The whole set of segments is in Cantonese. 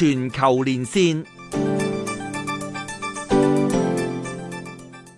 全球連線，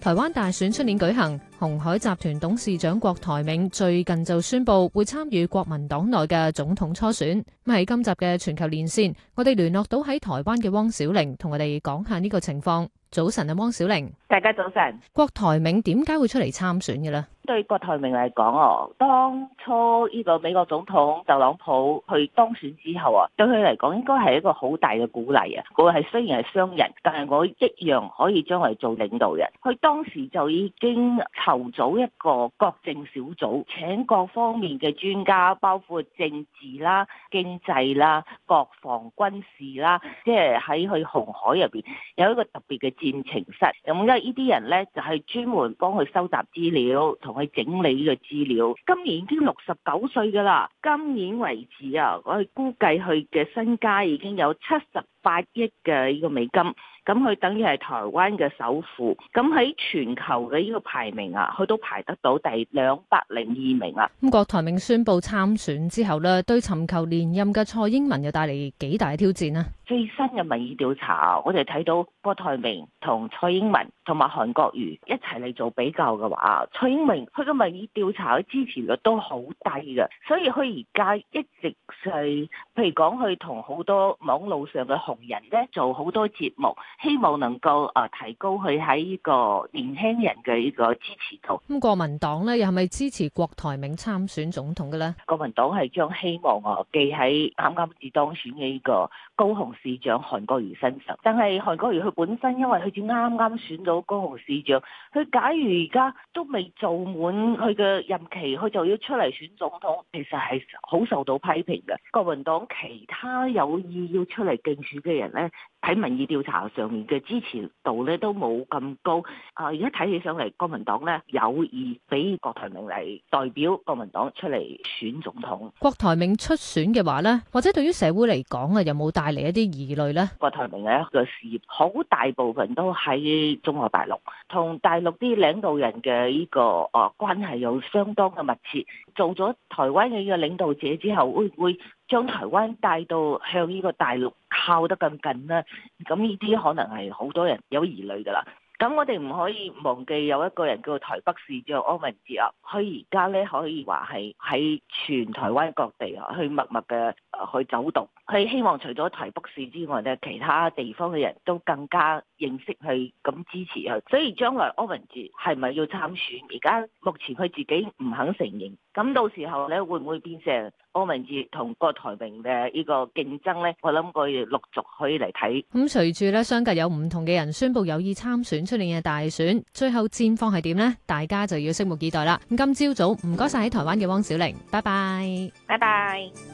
台灣大選出年舉行。鴻海集團董事長郭台銘最近就宣布會參與國民黨內嘅總統初選。咁喺今集嘅全球連線，我哋聯絡到喺台灣嘅汪小玲，同我哋講下呢個情況。早晨啊，汪小玲，大家早晨。郭台銘點解會出嚟參選嘅呢？對郭台銘嚟講，哦，當初呢個美國總統特朗普去當選之後啊，對佢嚟講應該係一個好大嘅鼓勵啊。我係雖然係商人，但係我一樣可以將來做領導人。佢當時就已經。籌組一個國政小組，請各方面嘅專家，包括政治啦、經濟啦、國防軍事啦，即係喺佢鴻海入邊有一個特別嘅戰情室。咁因為呢啲人呢，就係專門幫佢收集資料，同佢整理呢個資料。今年已經六十九歲㗎啦，今年為止啊，我哋估計佢嘅身家已經有七十。八億嘅呢個美金，咁佢等於係台灣嘅首富，咁喺全球嘅呢個排名啊，佢都排得到第兩百零二名啊。咁郭台銘宣布參選之後呢，對尋求連任嘅蔡英文又帶嚟幾大挑戰呢？最新嘅民意調查，我哋睇到郭台銘同蔡英文同埋韓國瑜一齊嚟做比較嘅話，蔡英文佢嘅民意調查嘅支持率都好低嘅，所以佢而家一直就係，譬如講佢同好多網路上嘅同人咧做好多節目，希望能夠啊提高佢喺呢個年輕人嘅呢個支持度。咁國民黨呢，又係咪支持郭台銘參選總統嘅咧？國民黨係將希望啊寄喺啱啱至當選嘅呢個高雄市長韓國瑜身上。但係韓國瑜佢本身因為佢只啱啱選到高雄市長，佢假如而家都未做滿佢嘅任期，佢就要出嚟選總統，其實係好受到批評嘅。國民黨其他有意要出嚟競選。嘅人咧，喺民意調查上面嘅支持度咧都冇咁高。啊，而家睇起上嚟，國民黨咧有意俾郭台銘嚟代表國民黨出嚟選總統。郭台銘出選嘅話咧，或者對於社會嚟講啊，有冇帶嚟一啲疑慮咧？郭台銘嘅一個事業好大部分都喺中國大陸同大陸啲領導人嘅呢個啊關係有相當嘅密切。做咗台灣嘅呢個領導者之後，會唔會將台灣帶到向呢個大陸？靠得更近啦，咁呢啲可能係好多人有疑慮噶啦。咁我哋唔可以忘記有一個人叫做台北市叫柯文哲啊，佢而家咧可以話係喺全台灣各地啊，去默默嘅去走動，佢希望除咗台北市之外咧，其他地方嘅人都更加認識佢咁支持佢。所以將來柯文哲係咪要參選？而家目前佢自己唔肯承認，咁到時候咧會唔會變成柯文哲同郭台銘嘅呢個競爭咧？我諗佢陸續可以嚟睇。咁隨住咧，相繼有唔同嘅人宣布有意參選。出年嘅大選最後戰況係點呢？大家就要拭目以待啦。今朝早唔該晒喺台灣嘅汪小玲，拜拜，拜拜。